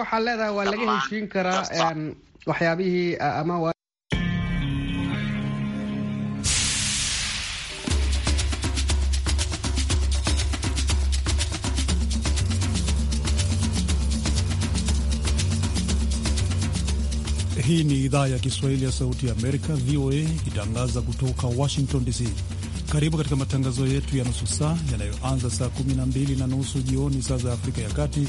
waxaa leedahay waa laga heshiin karaa waxyaabihii ama Hii ni idhaa ya Kiswahili ya Sauti ya Amerika, VOA, ikitangaza kutoka Washington DC. Karibu katika matangazo yetu ya nusu saa yanayoanza saa 12 na nusu jioni saa za Afrika ya Kati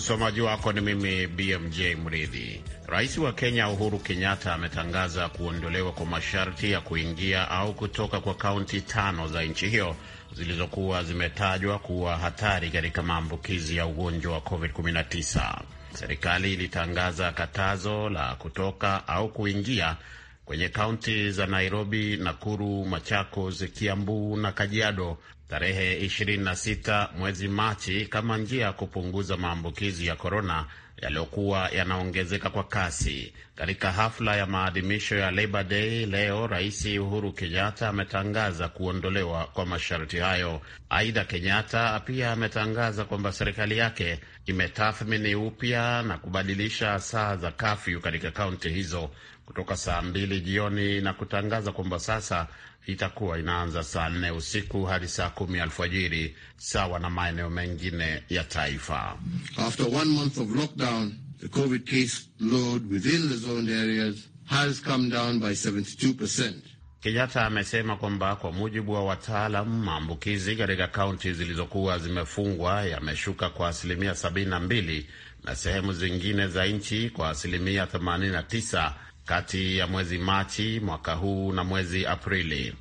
Msomaji wako ni mimi BMJ Mridhi. Rais wa Kenya Uhuru Kenyatta ametangaza kuondolewa kwa masharti ya kuingia au kutoka kwa kaunti tano za nchi hiyo zilizokuwa zimetajwa kuwa hatari katika maambukizi ya ugonjwa wa COVID-19. Serikali ilitangaza katazo la kutoka au kuingia kwenye kaunti za Nairobi, Nakuru, Machakos, Kiambu na Kajiado tarehe 26 mwezi Machi kama njia ya kupunguza maambukizi ya korona yaliyokuwa yanaongezeka kwa kasi. Katika hafla ya maadhimisho ya Labor Day leo, Rais Uhuru Kenyatta ametangaza kuondolewa kwa masharti hayo. Aidha, Kenyatta pia ametangaza kwamba serikali yake imetathmini upya na kubadilisha saa za kafyu katika kaunti hizo kutoka saa mbili jioni na kutangaza kwamba sasa itakuwa inaanza saa nne usiku hadi saa kumi alfajiri sawa na maeneo mengine ya taifa. After one month of lockdown, the COVID case load within the zoned areas has come down by 72%. Kenyatta amesema kwamba kwa mujibu wa wataalam, maambukizi katika kaunti zilizokuwa zimefungwa yameshuka kwa asilimia 72 na sehemu zingine za nchi kwa asilimia 89 kati ya mwezi Machi mwaka huu na mwezi Aprili.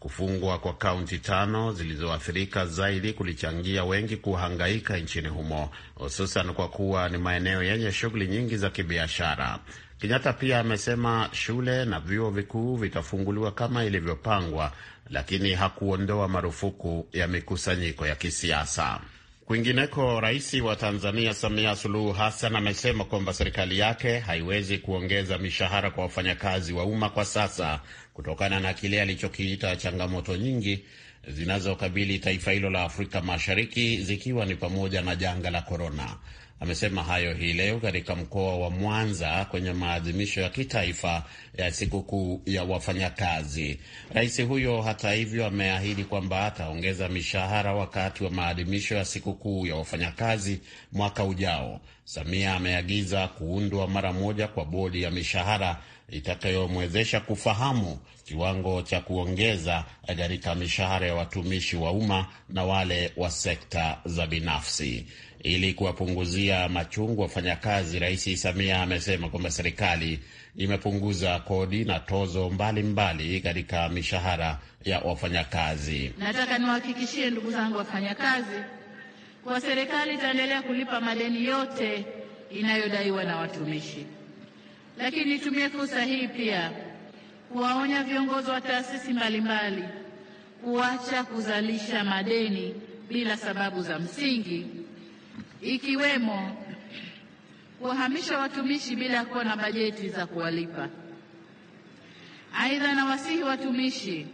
Kufungwa kwa kaunti tano zilizoathirika zaidi kulichangia wengi kuhangaika nchini humo, hususan kwa kuwa ni maeneo yenye shughuli nyingi za kibiashara. Kenyatta pia amesema shule na vyuo vikuu vitafunguliwa kama ilivyopangwa, lakini hakuondoa marufuku ya mikusanyiko ya kisiasa. Kwingineko, rais wa Tanzania Samia Suluhu Hassan amesema kwamba serikali yake haiwezi kuongeza mishahara kwa wafanyakazi wa umma kwa sasa kutokana na kile alichokiita changamoto nyingi zinazokabili taifa hilo la Afrika Mashariki, zikiwa ni pamoja na janga la korona. Amesema hayo hii leo katika mkoa wa Mwanza kwenye maadhimisho ya kitaifa ya sikukuu ya wafanyakazi. Rais huyo hata hivyo ameahidi kwamba ataongeza mishahara wakati wa maadhimisho ya sikukuu ya wafanyakazi mwaka ujao. Samia ameagiza kuundwa mara moja kwa bodi ya mishahara itakayomwezesha kufahamu kiwango cha kuongeza katika mishahara ya watumishi wa umma na wale wa sekta za binafsi ili kuwapunguzia machungu wafanyakazi. Rais Samia amesema kwamba serikali imepunguza kodi na tozo mbalimbali katika mishahara ya wafanyakazi. Nataka niwahakikishie ndugu zangu wafanyakazi kwa serikali itaendelea kulipa madeni yote inayodaiwa na watumishi. Lakini nitumie fursa hii pia kuwaonya viongozi wa taasisi mbalimbali kuacha kuzalisha madeni bila sababu za msingi, ikiwemo kuwahamisha watumishi bila ya kuwa na bajeti za kuwalipa. Aidha, nawasihi watumishi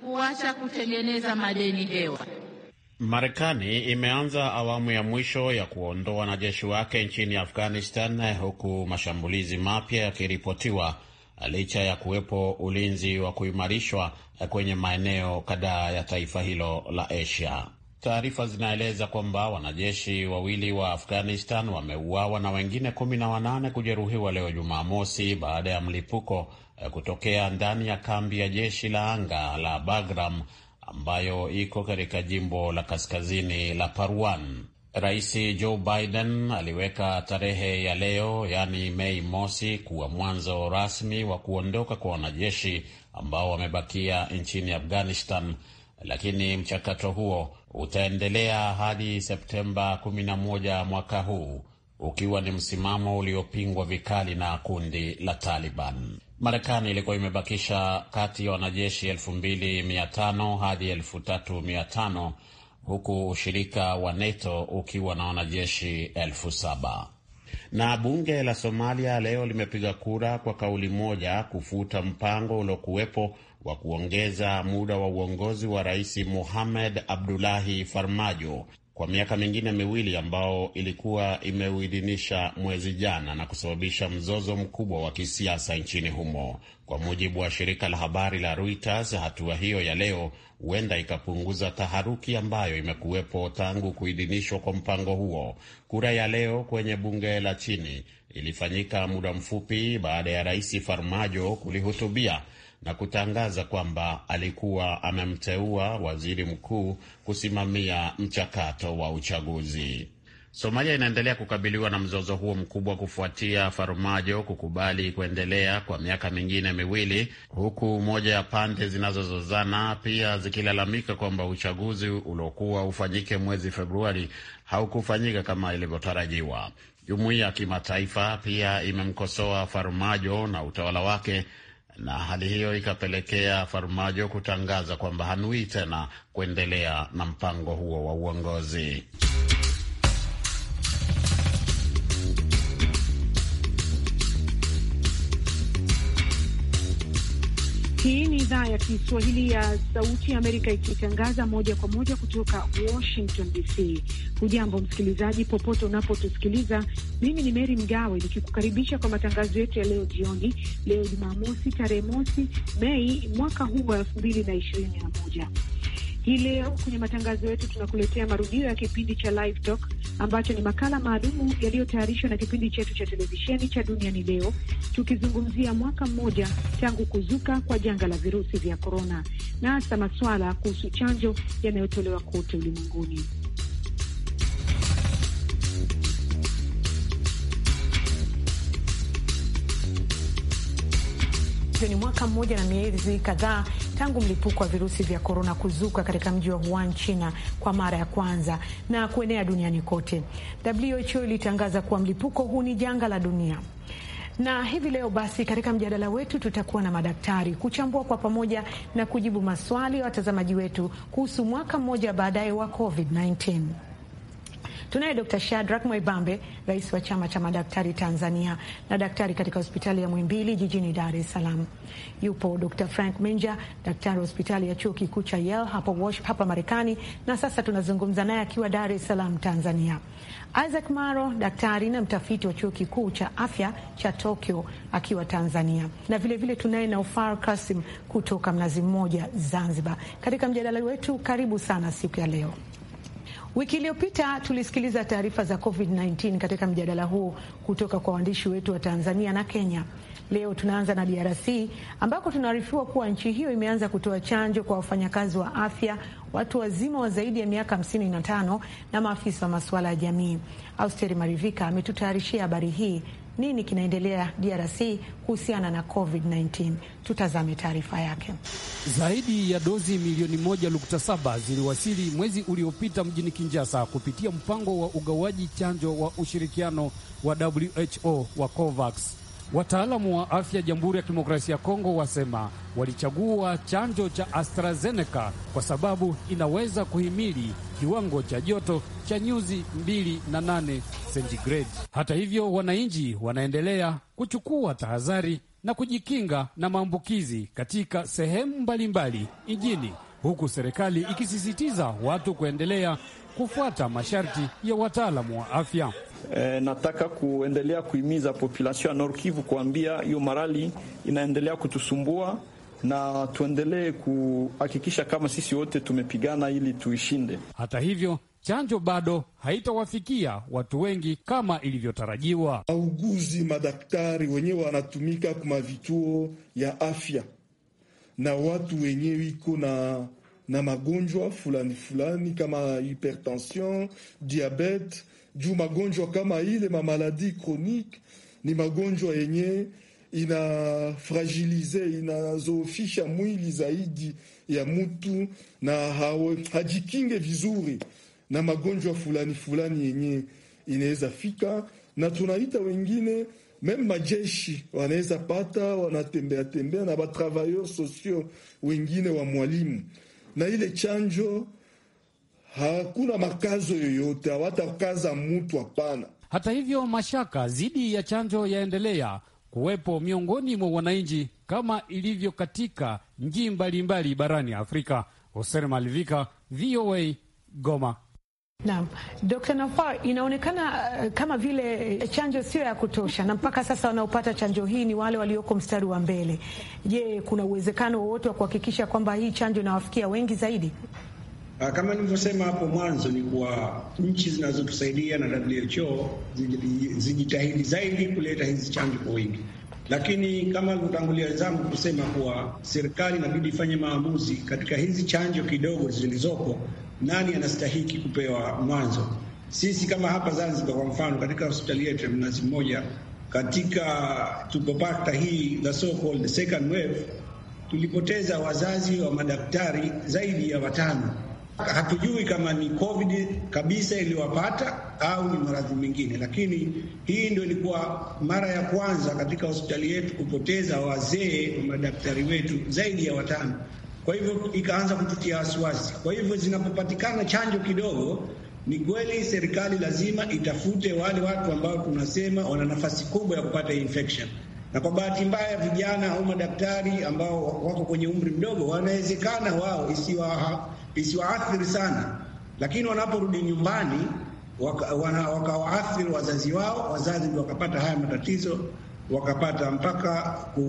kuacha kutengeneza madeni hewa. Marekani imeanza awamu ya mwisho ya kuondoa wanajeshi wake nchini Afghanistan, huku mashambulizi mapya yakiripotiwa licha ya kuwepo ulinzi wa kuimarishwa kwenye maeneo kadhaa ya taifa hilo la Asia. Taarifa zinaeleza kwamba wanajeshi wawili wa Afghanistan wameuawa na wengine kumi na wanane kujeruhiwa leo Jumamosi baada ya mlipuko kutokea ndani ya kambi ya jeshi la anga la Bagram ambayo iko katika jimbo la kaskazini la Parwan. Rais Joe Biden aliweka tarehe ya leo, yaani Mei mosi, kuwa mwanzo rasmi wa kuondoka kwa wanajeshi ambao wamebakia nchini Afghanistan, lakini mchakato huo utaendelea hadi Septemba 11 mwaka huu, ukiwa ni msimamo uliopingwa vikali na kundi la Taliban. Marekani ilikuwa imebakisha kati ya wanajeshi elfu mbili mia tano hadi elfu tatu mia tano huku ushirika wa NATO ukiwa na wanajeshi elfu saba. Na bunge la Somalia leo limepiga kura kwa kauli moja kufuta mpango uliokuwepo wa kuongeza muda wa uongozi wa Rais Mohamed Abdullahi Farmajo kwa miaka mingine miwili ambao ilikuwa imeuidhinisha mwezi jana na kusababisha mzozo mkubwa wa kisiasa nchini humo. Kwa mujibu wa shirika la habari la Reuters, hatua hiyo ya leo huenda ikapunguza taharuki ambayo imekuwepo tangu kuidhinishwa kwa mpango huo. Kura ya leo kwenye bunge la chini ilifanyika muda mfupi baada ya Rais Farmajo kulihutubia na kutangaza kwamba alikuwa amemteua waziri mkuu kusimamia mchakato wa uchaguzi. Somalia inaendelea kukabiliwa na mzozo huo mkubwa kufuatia Farmajo kukubali kuendelea kwa miaka mingine miwili, huku moja ya pande zinazozozana pia zikilalamika kwamba uchaguzi uliokuwa ufanyike mwezi Februari haukufanyika kama ilivyotarajiwa. Jumuiya ya kimataifa pia imemkosoa Farmajo na utawala wake na hali hiyo ikapelekea Farmajo kutangaza kwamba hanui tena kuendelea na mpango huo wa uongozi. idhaa ya Kiswahili ya Sauti ya Amerika ikitangaza moja kwa moja kutoka Washington DC. Hujambo msikilizaji, popote unapotusikiliza. Mimi ni Meri Mgawe nikikukaribisha kwa matangazo yetu ya leo jioni, leo Jumamosi tarehe mosi Mei mwaka huu wa elfu mbili na ishirini na moja. Hii leo kwenye matangazo yetu tunakuletea marudio ya kipindi cha Live Talk ambacho ni makala maalumu yaliyotayarishwa na kipindi chetu cha televisheni cha Duniani Leo, tukizungumzia mwaka mmoja tangu kuzuka kwa janga la virusi vya korona na hasa maswala kuhusu chanjo yanayotolewa kote ulimwenguni. hivyo ni mwaka mmoja na miezi kadhaa tangu mlipuko wa virusi vya korona kuzuka katika mji wa Wuhan, China, kwa mara ya kwanza na kuenea duniani kote. WHO ilitangaza kuwa mlipuko huu ni janga la dunia na hivi leo basi, katika mjadala wetu tutakuwa na madaktari kuchambua kwa pamoja na kujibu maswali ya watazamaji wetu kuhusu mwaka mmoja baadaye wa COVID-19. Tunaye Dr. Shadrack Mwaibambe, rais wa chama cha madaktari Tanzania na daktari katika hospitali ya Mwimbili jijini Dar es Salaam. Yupo Dr. Frank Minja, daktari wa hospitali ya chuo kikuu cha Yale hapa, hapa Marekani, na sasa tunazungumza naye akiwa Dar es Salaam, Tanzania. Isaac Maro, daktari na mtafiti wa chuo kikuu cha afya cha Tokyo akiwa Tanzania, na vilevile tunaye Naufar Kasim kutoka Mnazi Mmoja, Zanzibar, katika mjadala wetu. Karibu sana siku ya leo. Wiki iliyopita tulisikiliza taarifa za COVID-19 katika mjadala huo kutoka kwa waandishi wetu wa Tanzania na Kenya. Leo tunaanza na DRC ambako tunaarifiwa kuwa nchi hiyo imeanza kutoa chanjo kwa wafanyakazi wa afya, watu wazima wa zaidi ya miaka 55 na maafisa wa masuala ya jamii. Austeri Marivika ametutayarishia habari hii nini kinaendelea DRC kuhusiana na COVID-19. Tutazame taarifa yake. Zaidi ya dozi milioni moja nukta saba ziliwasili mwezi uliopita mjini Kinjasa kupitia mpango wa ugawaji chanjo wa ushirikiano wa WHO wa COVAX. Wataalamu wa afya Jamhuri ya Kidemokrasia ya Kongo wasema walichagua chanjo cha AstraZeneca kwa sababu inaweza kuhimili kiwango cha joto cha nyuzi 28 sentigredi. Hata hivyo, wananchi wanaendelea kuchukua tahadhari na kujikinga na maambukizi katika sehemu mbalimbali mjini, huku serikali ikisisitiza watu kuendelea kufuata masharti ya wataalamu wa afya. E, nataka kuendelea kuhimiza population ya Nord Kivu kuambia hiyo marali inaendelea kutusumbua na tuendelee kuhakikisha kama sisi wote tumepigana ili tuishinde. Hata hivyo chanjo bado haitawafikia watu wengi kama ilivyotarajiwa. Wauguzi, madaktari wenyewe wanatumika kuma vituo ya afya na watu wenyewe iko na na magonjwa fulani fulani kama hypertension, diabete juu magonjwa kama ile mamaladi chronique ni magonjwa yenye inafragilize inazoofisha mwili zaidi ya mtu na hawe, hajikinge vizuri na magonjwa fulani fulani yenye inaweza fika, na tunaita wengine meme majeshi wanaweza pata, wanatembea tembea na batravailleurs sociaux wengine wa mwalimu na ile chanjo hakuna makazo yoyote, hawatakaza mtu, hapana. Hata hivyo, mashaka dhidi ya chanjo yaendelea kuwepo miongoni mwa wananchi kama ilivyo katika njii mbalimbali barani Afrika. Hoser Malivika, VOA Goma. Naam, d Nafar, inaonekana eh, kama vile chanjo sio ya kutosha, na mpaka sasa wanaopata chanjo hii ni wale walioko mstari wa mbele. Je, kuna uwezekano wowote wa kuhakikisha kwamba hii chanjo inawafikia wengi zaidi? Ah, kama nilivyosema hapo mwanzo, ni kuwa nchi zinazotusaidia na WHO zijitahidi zaidi kuleta hizi chanjo kwa wingi, lakini kama alivyotangulia wenzangu kusema kuwa serikali inabidi ifanye maamuzi katika hizi chanjo kidogo zilizopo, nani anastahiki kupewa mwanzo. Sisi kama hapa Zanzibar, kwa mfano, katika hospitali yetu ya Mnazi Mmoja, katika tupopata hii the so called second wave tulipoteza wazazi wa madaktari zaidi ya watano Hatujui kama ni COVID kabisa iliyowapata au ni maradhi mengine, lakini hii ndio ilikuwa mara ya kwanza katika hospitali yetu kupoteza wazee wa madaktari wetu zaidi ya watano. Kwa hivyo ikaanza kututia wasiwasi. Kwa hivyo zinapopatikana chanjo kidogo, ni kweli serikali lazima itafute wale watu ambao tunasema wana nafasi kubwa ya kupata infection na kwa bahati mbaya vijana au madaktari ambao wako kwenye umri mdogo, wanawezekana wao isiwa isiwaathiri sana, lakini wanaporudi nyumbani wakawaathiri waka wazazi wao, wazazi ndio wakapata haya matatizo, wakapata mpaka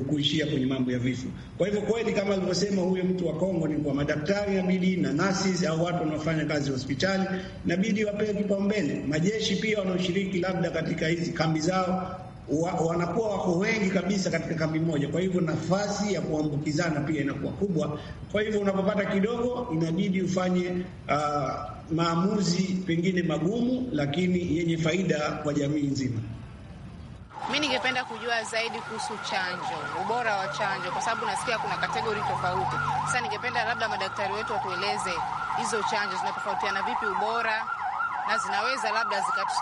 kuishia kwenye mambo ya vifo. Kwa hivyo kweli, kama alivyosema huyo mtu wa Kongo, ni kwa madaktari inabidi na nasi au watu wanaofanya kazi hospitali inabidi wapewe kipaumbele. Majeshi pia wanaoshiriki labda katika hizi kambi zao wa, wanakuwa wako wengi kabisa katika kambi moja, kwa hivyo nafasi ya kuambukizana pia inakuwa kubwa. Kwa hivyo unapopata kidogo, inabidi ufanye uh, maamuzi pengine magumu, lakini yenye faida kwa jamii nzima. Mi ningependa kujua zaidi kuhusu chanjo, ubora wa chanjo, kwa sababu nasikia kuna kategori tofauti. Sasa ningependa labda madaktari wetu watueleze hizo chanjo zinatofautiana vipi ubora na zinaweza labda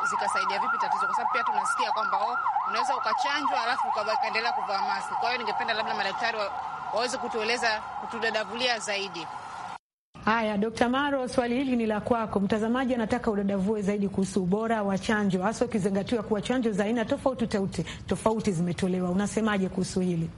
zikasaidia zika vipi tatizo, kwa sababu pia tunasikia kwamba oh, unaweza ukachanjwa alafu ukaendelea kuvaa maski. Kwa hiyo ningependa labda madaktari wa, waweze kutueleza kutudadavulia zaidi. Haya, Dkt. Maro, swali hili ni la kwako. Mtazamaji anataka udadavue zaidi kuhusu ubora wa chanjo, hasa ukizingatiwa kuwa chanjo za aina tofauti tauti tofauti zimetolewa. Unasemaje kuhusu hili?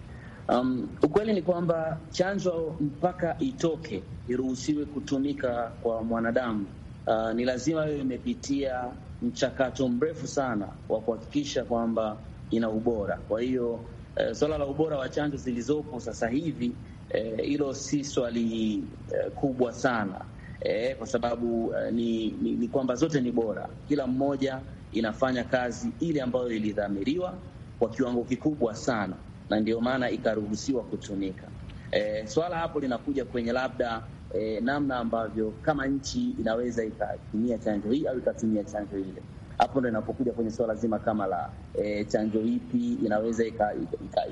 Um, ukweli ni kwamba chanjo mpaka itoke iruhusiwe kutumika kwa mwanadamu uh, ni lazima hiyo imepitia mchakato mrefu sana wa kuhakikisha kwamba ina ubora. Kwa hiyo uh, swala la ubora wa chanjo zilizopo sasa hivi eh, hilo uh, si swali uh, kubwa sana uh, kwa sababu uh, ni, ni, ni kwamba zote ni bora, kila mmoja inafanya kazi ile ambayo ilidhamiriwa kwa kiwango kikubwa sana, na ndio maana ikaruhusiwa kutumika. Eh, swala hapo linakuja kwenye labda eh, namna ambavyo kama nchi inaweza ikatumia chanjo hii au ikatumia chanjo ile. Hapo ndo inapokuja kwenye swala zima kama la e, chanjo ipi inaweza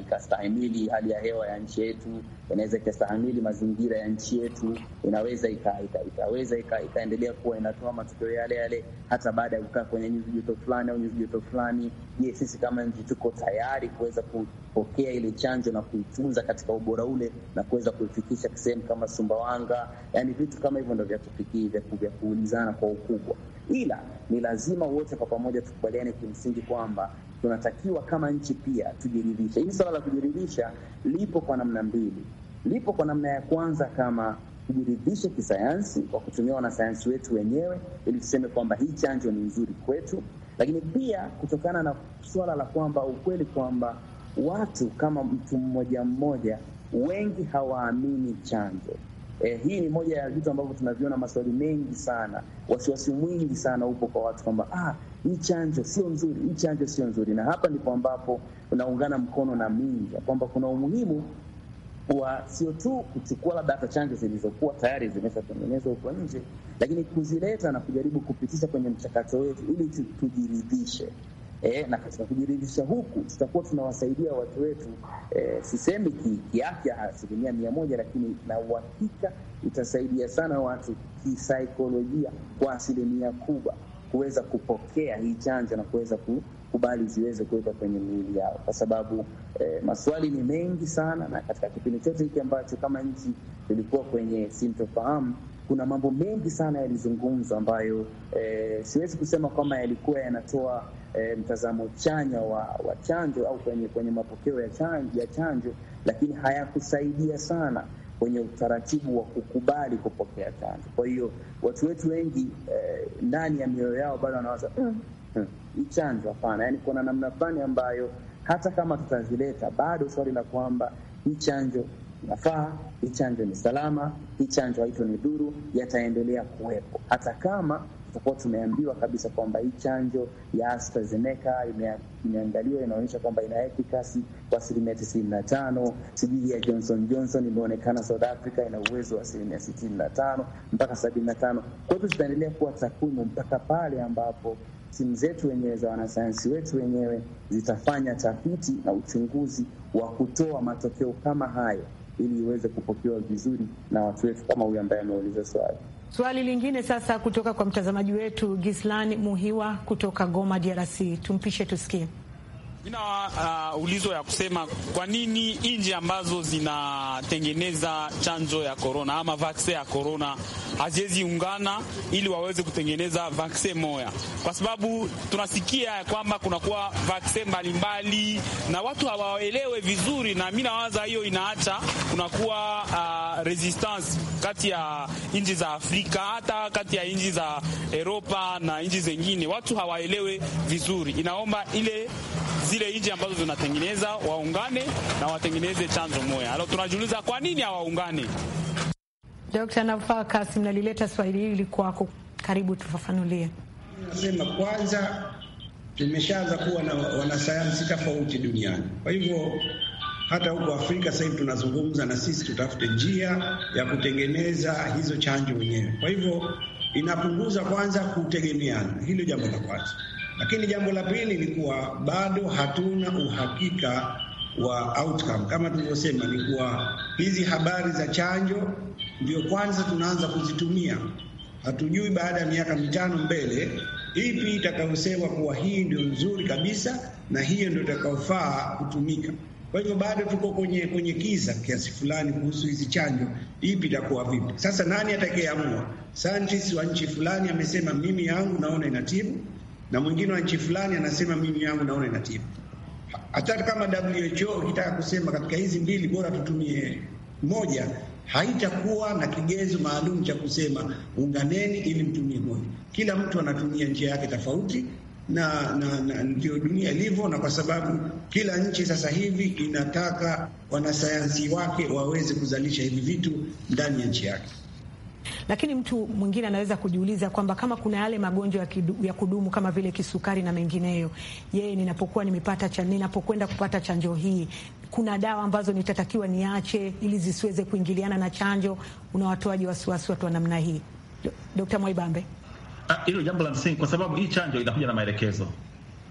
ikastahimili ika, ika hali ya hewa ya nchi yetu, inaweza ikastahimili mazingira ya nchi yetu, inaweza ikaweza ika, ikaendelea ika kuwa inatoa matokeo yale yale hata baada ya kukaa kwenye nyuzi joto fulani au nyuzi joto fulani. Je, sisi kama nchi tuko tayari kuweza kupokea ile chanjo na kuitunza katika ubora ule na kuweza kuifikisha sehemu kama Sumbawanga? Yani vitu kama hivyo ndo vya kufikiri vya kuulizana kwa ukubwa ila ni lazima wote kwa pamoja tukubaliane kimsingi kwamba tunatakiwa kama nchi pia tujiridhishe. Hili swala la kujiridhisha lipo kwa namna mbili, lipo kwa namna ya kwanza kama tujiridhishe kisayansi kwa kutumia wanasayansi wetu wenyewe, ili tuseme kwamba hii chanjo ni nzuri kwetu, lakini pia kutokana na suala la kwamba ukweli kwamba watu kama mtu mmoja mmoja wengi hawaamini chanjo Eh, hii ni moja ya vitu ambavyo tunaviona, maswali mengi sana, wasiwasi mwingi sana upo kwa watu kwamba ah, hii chanjo sio nzuri, hii chanjo sio nzuri. Na hapa ndipo ambapo unaungana mkono na mimi kwamba kuna umuhimu wa sio tu kuchukua labda hata chanjo zilizokuwa tayari zimeshatengenezwa huko nje, lakini kuzileta na kujaribu kupitisha kwenye mchakato wetu ili tujiridhishe eh, na katika kujiridhisha huku tutakuwa tunawasaidia watu wetu eh, sisemi kiafya asilimia mia moja, lakini na uhakika itasaidia sana watu kisaikolojia kwa asilimia kubwa kuweza kupokea hii chanjo na kuweza ku kubali ziweze kuwekwa kwenye miili yao, kwa sababu eh, maswali ni mengi sana, na katika kipindi chote hiki ambacho kama nchi tulikuwa kwenye sintofahamu, kuna mambo mengi sana yalizungumzwa ambayo eh, siwezi kusema kwamba yalikuwa yanatoa e, mtazamo chanya wa, wa chanjo au kwenye, kwenye mapokeo ya chanjo, ya chanjo, lakini hayakusaidia sana kwenye utaratibu wa kukubali kupokea chanjo. Kwa hiyo watu wetu wengi e, ndani ya mioyo yao bado wanawaza mm, mm, hii chanjo hapana. Yani kuna namna fulani ambayo hata kama tutazileta bado swali la kwamba hii chanjo nafaa, hii chanjo ni salama, hii chanjo haito ni dhuru, yataendelea kuwepo hata kama tutakuwa tumeambiwa kabisa kwamba hii chanjo ya AstraZeneca imeangaliwa inaonyesha kwamba ina efikasi kwa asilimia tisini na tano. Sijui ya Johnson Johnson imeonekana South Africa ina uwezo wa asilimia sitini na tano mpaka sabini na tano. Kwa hivyo zitaendelea kuwa takwimu mpaka pale ambapo timu zetu wenyewe za wanasayansi wetu wenyewe zitafanya tafiti na uchunguzi wa kutoa matokeo kama hayo ili iweze kupokewa vizuri na watu wetu kama huyu ambaye ameuliza swali. Swali lingine sasa kutoka kwa mtazamaji wetu gislan Muhiwa kutoka Goma, DRC. Tumpishe tusikie. Mina uh, ulizo ya kusema kwa nini nchi ambazo zinatengeneza chanjo ya korona ama vaksin ya korona haziwezi ungana ili waweze kutengeneza vaksin moya, kwa sababu tunasikia kwamba kunakuwa vaksin mbalimbali na watu hawaelewe vizuri, na mi nawaza hiyo inaacha kunakuwa uh, resistance kati ya nchi za Afrika hata kati ya nchi za Europa na nchi zengine, watu hawaelewe vizuri, inaomba ile zile nchi ambazo zinatengeneza waungane na watengeneze chanzo moja. Alo, tunajiuliza kwa nini hawaungane? Dr. Nafaa Kasim, nalileta swali hili kwako, karibu tufafanulie. Nasema kwanza tumeshaanza kuwa na wanasayansi tofauti duniani, kwa hivyo hata huko Afrika sasa hivi tunazungumza na sisi, tutafute njia ya kutengeneza hizo chanjo wenyewe. Kwa hivyo inapunguza kwanza kutegemeana, hilo jambo la kwanza. Lakini jambo la pili ni kuwa bado hatuna uhakika wa outcome. Kama tulivyosema, ni kuwa hizi habari za chanjo ndio kwanza tunaanza kuzitumia. Hatujui baada ya miaka mitano mbele ipi itakayosema kuwa hii ndio nzuri kabisa na hiyo ndio itakayofaa kutumika. Kwa hivyo bado tuko kwenye kwenye kiza kiasi fulani kuhusu hizi chanjo, ipi itakuwa vipi. Sasa nani atakayeamua? Scientist wa nchi fulani amesema mimi yangu naona inatibu na mwingine wa nchi fulani anasema mimi yangu naona inatibu. Hata kama WHO ukitaka kusema katika hizi mbili bora tutumie moja, haitakuwa na kigezo maalum cha kusema unganeni ili mtumie moja. Kila mtu anatumia njia yake tofauti, na na ndio dunia ilivyo, na kwa sababu kila nchi sasa hivi inataka wanasayansi wake waweze kuzalisha hivi vitu ndani ya nchi yake. Lakini mtu mwingine anaweza kujiuliza kwamba kama kuna yale magonjwa ya kudumu kama vile kisukari na mengineyo, yeye ninapokuwa nimepata cha ninapokwenda kupata chanjo hii, kuna dawa ambazo nitatakiwa niache ili zisiweze kuingiliana na chanjo? watoaji wasiwasi watu wa namna hii, Dr. Mwaibambe? Ah, hilo jambo la msingi, kwa sababu hii chanjo inakuja na maelekezo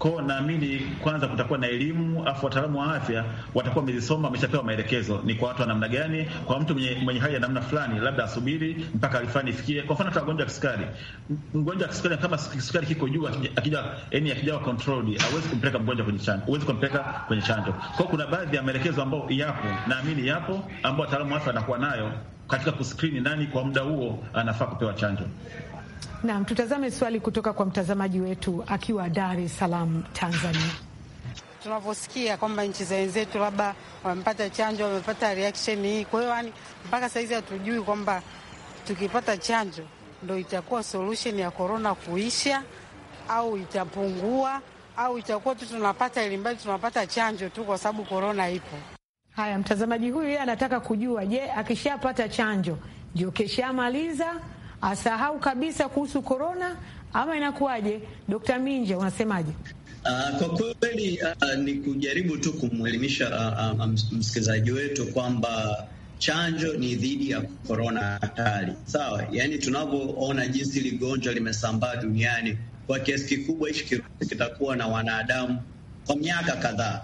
Kwao naamini kwanza kutakuwa na elimu, afu wataalamu wa afya watakuwa wamezisoma, wameshapewa maelekezo ni kwa watu wa namna gani. Kwa mtu mwenye, mwenye hali ya namna fulani, labda asubiri mpaka alifani ifikie. Kwa mfano hata wagonjwa kisukari, mgonjwa kisukari kama kisukari kiko juu, akija yani akijawa controlled, hawezi kumpeleka mgonjwa kwenye chanjo, hawezi kumpeleka kwenye chanjo. Kwao kuna baadhi ya maelekezo ambayo yapo, naamini yapo, ambao wataalamu wa afya wanakuwa nayo katika kuskrini nani kwa muda huo anafaa kupewa chanjo. Naam, tutazame swali kutoka kwa mtazamaji wetu akiwa Dar es Salaam, Tanzania. Tunavyosikia kwamba nchi za wenzetu labda wamepata chanjo, wamepata reaction hii, kwa hiyo yani mpaka sahizi hatujui kwamba tukipata chanjo ndo itakuwa solution ya korona kuisha au itapungua au itakuwa tu tunapata mbali tunapata chanjo tu kwa sababu korona ipo. Haya, mtazamaji huyu yeye anataka kujua, je, akishapata chanjo ndio keshamaliza asahau kabisa kuhusu korona ama inakuwaje? Dkt. Minja, unasemaje? Uh, kwa kweli uh, ni kujaribu tu kumwelimisha uh, uh, msikilizaji wetu kwamba chanjo ni dhidi ya korona hatari, sawa? Yaani tunavyoona jinsi ligonjwa limesambaa duniani kwa kiasi kikubwa, hichi kirusi kitakuwa na wanadamu kwa miaka kadhaa.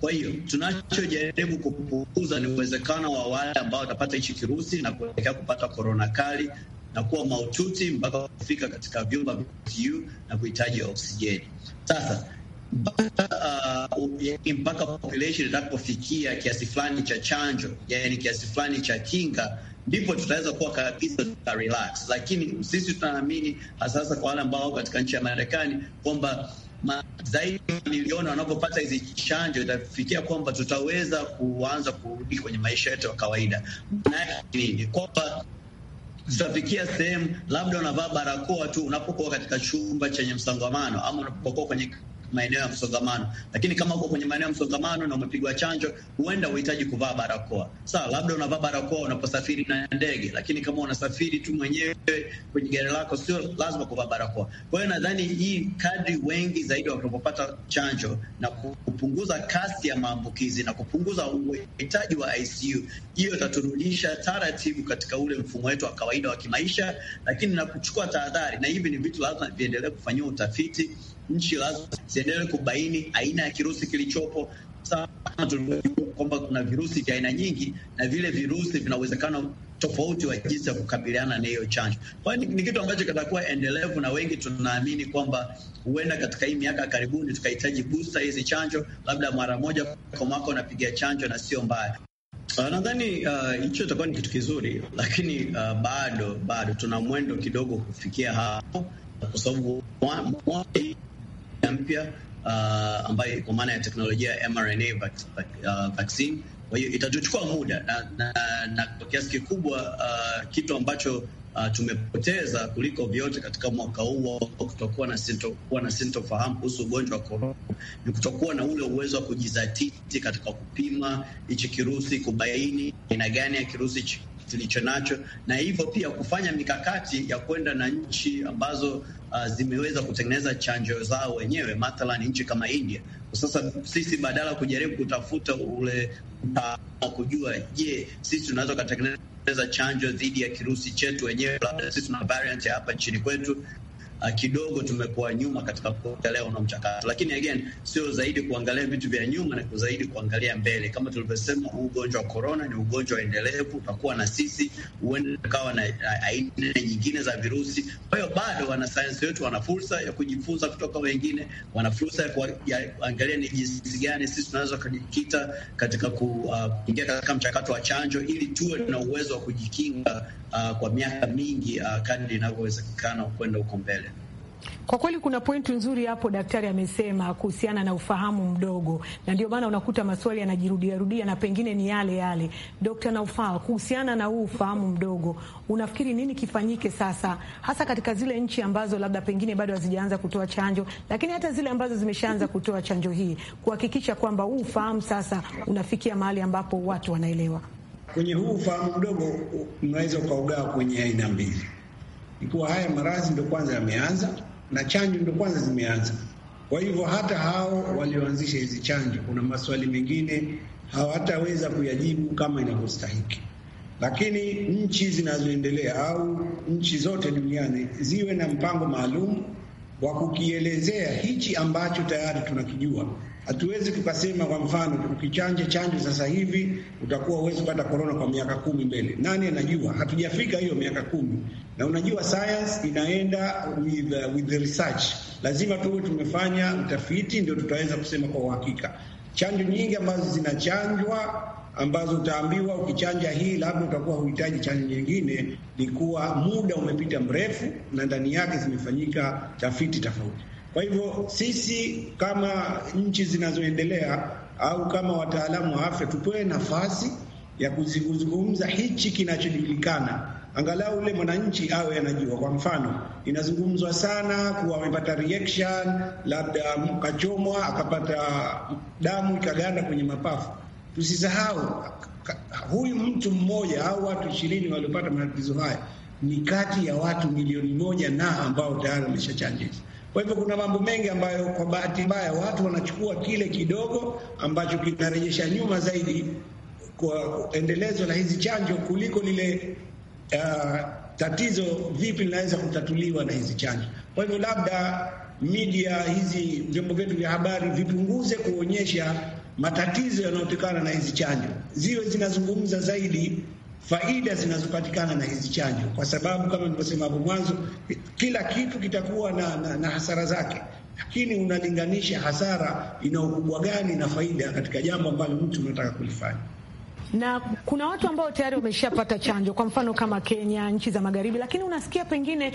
Kwa hiyo tunachojaribu kupunguza ni uwezekano wa wale ambao watapata hichi kirusi na kuelekea kupata korona kali na kuwa maututi mpaka kufika katika vyumba vya ICU na kuhitaji oksijeni. Sasa mpaka uh, mpaka population itakapofikia kiasi fulani cha chanjo, yani kiasi fulani cha kinga, ndipo tutaweza kuwa kabisa tuta relax. Lakini sisi tunaamini hasahasa kwa wale ambao katika nchi ya Marekani kwamba ma, zaidi ya milioni wanapopata hizi chanjo itafikia kwamba tutaweza kuanza kurudi kwenye maisha yetu ya kawaida. Maana yake nini? kwamba tutafikia sehemu labda unavaa barakoa tu unapokuwa katika chumba chenye msongamano ama unapokuwa kwenye maeneo ya msongamano. Lakini kama uko kwenye maeneo ya msongamano na umepigwa chanjo, huenda uhitaji kuvaa barakoa. Sawa, labda unavaa barakoa unaposafiri na ndege, lakini kama unasafiri tu mwenyewe kwenye gari lako, sio lazima kuvaa barakoa. Kwa hiyo nadhani hii, kadri wengi zaidi wanapopata chanjo na kupunguza kasi ya maambukizi na kupunguza uhitaji wa ICU, hiyo itaturudisha taratibu katika ule mfumo wetu wa kawaida wa kimaisha, lakini na kuchukua tahadhari, na hivi ni vitu lazima viendelee kufanyiwa utafiti nchi lazima ziendelee kubaini aina ya kirusi kilichopo kwamba kuna virusi vya aina nyingi na vile virusi vina uwezekano tofauti wa jinsi ya kukabiliana na hiyo chanjo. Kwa hiyo ni kitu ambacho kitakuwa endelevu, na wengi tunaamini kwamba huenda katika hii miaka karibuni tukahitaji booster hizi chanjo, labda mara moja kwa mwaka unapiga chanjo na sio mbaya. Uh, nadhani ah, hicho uh, itakuwa ni kitu kizuri, lakini uh, bado bado tuna mwendo kidogo kufikia hapo kwa sababu mpya uh, ambayo iko maana ya teknolojia ya mRNA vac, vac, uh, vaccine. Kwa hiyo itatuchukua muda na, na, na kwa kiasi kikubwa uh, kitu ambacho Uh, tumepoteza kuliko vyote katika mwaka huu wa kutokuwa na sintokuwa na sintofahamu kuhusu ugonjwa wa korona ni kutokuwa na ule uwezo wa kujizatiti katika kupima hichi kirusi, kubaini aina gani ya kirusi kilicho nacho, na hivyo pia kufanya mikakati ya kwenda na nchi ambazo uh, zimeweza kutengeneza chanjo zao wenyewe, mathalan nchi kama India. Sasa sisi badala kujaribu kutafuta ule uh, kujua je, sisi tunaweza kutengeneza chanjo dhidi ya kirusi chetu wenyewe, labda sisi tuna variant ya hapa nchini kwetu uh, kidogo tumekuwa nyuma katika kuendelea na mchakato, lakini again sio zaidi kuangalia vitu vya nyuma na kuzaidi kuangalia mbele. Kama tulivyosema, huu ugonjwa wa korona ni ugonjwa endelevu, utakuwa na sisi, huenda ukawa na aina nyingine za virusi. Kwa hiyo bado wanasayansi wetu wana fursa ya kujifunza kutoka wengine, wana fursa ya kuangalia ni jinsi gani sisi tunaweza kujikita katika ah, kuingia uh, katika mchakato wa chanjo ili tuwe na uwezo wa kujikinga uh, kwa miaka mingi uh, kadri inavyowezekana kwenda huko mbele. Kwa kweli kuna pointi nzuri hapo daktari amesema kuhusiana na ufahamu mdogo, na ndio maana unakuta maswali yanajirudiarudia na pengine ni yale yale. Dokta Naufaa, kuhusiana na huu ufahamu mdogo, unafikiri nini kifanyike sasa, hasa katika zile nchi ambazo labda pengine bado hazijaanza kutoa chanjo, lakini hata zile ambazo zimeshaanza kutoa chanjo hii, kuhakikisha kwamba huu ufahamu sasa unafikia mahali ambapo watu wanaelewa? Kwenye huu ufahamu mdogo unaweza ukaugawa kwenye aina mbili, ikiwa haya maradhi ndo kwanza yameanza na chanjo ndo kwanza zimeanza. Kwa hivyo hata hao walioanzisha hizi chanjo, kuna maswali mengine hawataweza kuyajibu kama inavyostahiki. Lakini nchi zinazoendelea au nchi zote duniani ziwe na mpango maalum wa kukielezea hichi ambacho tayari tunakijua. Hatuwezi tukasema kwa mfano, ukichanja chanjo sasa hivi utakuwa uwezi kupata korona kwa miaka kumi mbele. Nani anajua? Hatujafika hiyo miaka kumi, na unajua science inaenda with, uh, with the research. Lazima tuwe tumefanya utafiti, ndio tutaweza kusema kwa uhakika. Chanjo nyingi ambazo zinachanjwa ambazo utaambiwa ukichanja hii labda utakuwa huhitaji chanjo nyingine, ni kuwa muda umepita mrefu na ndani yake zimefanyika tafiti tofauti. Kwa hivyo sisi kama nchi zinazoendelea au kama wataalamu wa afya tupewe nafasi ya kuzungumza hichi kinachojulikana, angalau ule mwananchi awe anajua. Kwa mfano, inazungumzwa sana kuwa amepata reaction, labda kachomwa akapata damu ikaganda kwenye mapafu Tusisahau huyu mtu mmoja au watu ishirini waliopata matatizo haya ni kati ya watu milioni moja na ambao tayari wameshachanjika. Kwa hivyo kuna mambo mengi ambayo kwa bahati mbaya watu wanachukua kile kidogo ambacho kinarejesha nyuma zaidi kwa endelezo la hizi chanjo kuliko lile uh, tatizo vipi linaweza kutatuliwa na hizi chanjo. Kwa hivyo labda media hizi vyombo vyetu vya habari vipunguze kuonyesha matatizo yanayotokana na hizi chanjo, ziwe zinazungumza zaidi faida zinazopatikana na hizi chanjo, kwa sababu kama nilivyosema hapo mwanzo, kila kitu kitakuwa na, na, na hasara zake, lakini unalinganisha hasara ina ukubwa gani na faida katika jambo ambalo mtu unataka kulifanya na kuna watu ambao tayari wameshapata chanjo, kwa mfano kama Kenya, nchi za magharibi, lakini unasikia pengine,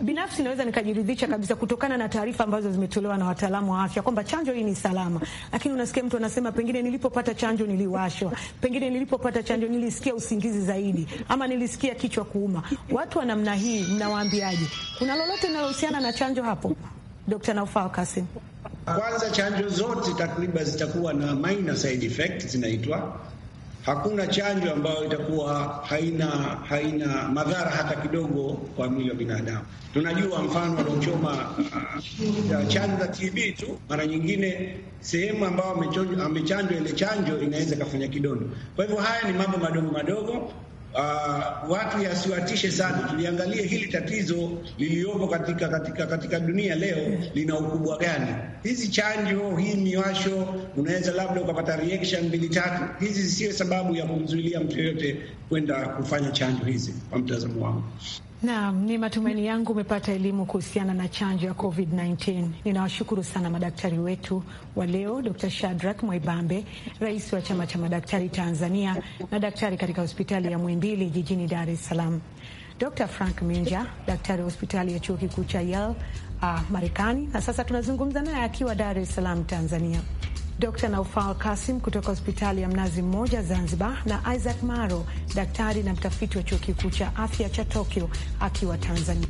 binafsi naweza nikajiridhisha kabisa kutokana na taarifa ambazo zimetolewa na wataalamu wa afya kwamba chanjo hii ni salama, lakini unasikia mtu anasema pengine nilipopata chanjo niliwashwa, pengine nilipopata chanjo nilisikia usingizi zaidi, ama nilisikia kichwa kuuma. Watu wa namna hii mnawaambiaje? Kuna lolote linalohusiana na chanjo hapo, Dr. Naufal Kasim? Kwanza, chanjo zote takriban zitakuwa na minor side effect zinaitwa Hakuna chanjo ambayo itakuwa haina haina madhara hata kidogo kwa mwili wa binadamu. Tunajua mfano waliochoma uh, uh, chanjo za TB tu, mara nyingine sehemu ambayo amechanjwa ile chanjo inaweza ikafanya kidondo. Kwa hivyo haya ni mambo madogo madogo uh, watu yasiwatishe sana, tuliangalie hili tatizo liliyopo katika, katika, katika dunia leo lina ukubwa gani. Hizi chanjo, hii miwasho, unaweza labda ukapata reaction mbili tatu. Hizi sio sababu ya kumzuilia mtu yoyote kwenda kufanya chanjo hizi, kwa mtazamo wangu. Naam, ni matumaini yangu umepata elimu kuhusiana na chanjo ya COVID-19. Ninawashukuru sana madaktari wetu wa leo, Dr. Shadrack Mwaibambe, rais wa chama cha madaktari Tanzania na daktari katika hospitali ya mwimbili jijini Dar es Salaam, Dr. Frank Minja, daktari wa hospitali ya chuo kikuu cha Yale, uh, Marekani, na sasa tunazungumza naye akiwa Dar es Salaam, Tanzania. Dr Naufal Kasim kutoka hospitali ya Mnazi Mmoja Zanzibar, na Isaac Maro, daktari na mtafiti wa chuo kikuu cha afya cha Tokyo akiwa Tanzania.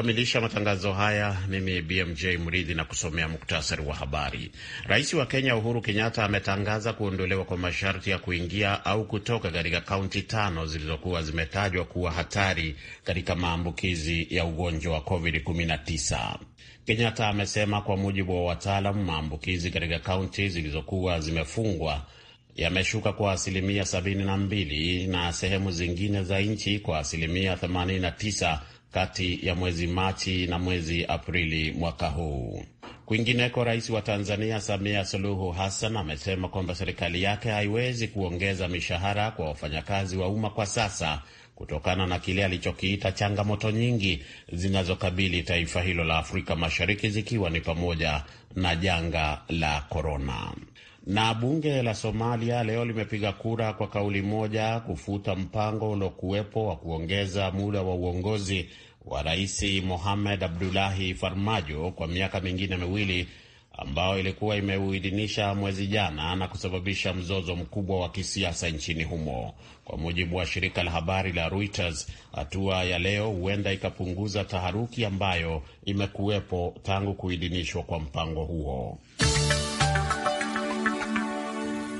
kukamilisha matangazo haya, mimi BMJ Mridhi na kusomea muktasari wa habari. Rais wa Kenya Uhuru Kenyatta ametangaza kuondolewa kwa masharti ya kuingia au kutoka katika kaunti tano zilizokuwa zimetajwa kuwa hatari katika maambukizi ya ugonjwa wa COVID-19. Kenyatta amesema kwa mujibu wa wataalam, maambukizi katika kaunti zilizokuwa zimefungwa yameshuka kwa asilimia 72 na sehemu zingine za nchi kwa asilimia 89 kati ya mwezi Machi na mwezi Aprili mwaka huu. Kwingineko, rais wa Tanzania Samia Suluhu Hassan amesema kwamba serikali yake haiwezi kuongeza mishahara kwa wafanyakazi wa umma kwa sasa kutokana na kile alichokiita changamoto nyingi zinazokabili taifa hilo la Afrika Mashariki, zikiwa ni pamoja na janga la korona. Na bunge la Somalia leo limepiga kura kwa kauli moja kufuta mpango uliokuwepo wa kuongeza muda wa uongozi wa Rais Mohamed Abdullahi Farmajo kwa miaka mingine miwili ambayo ilikuwa imeuidhinisha mwezi jana na kusababisha mzozo mkubwa wa kisiasa nchini humo. Kwa mujibu wa shirika la habari la Reuters, hatua ya leo huenda ikapunguza taharuki ambayo imekuwepo tangu kuidhinishwa kwa mpango huo.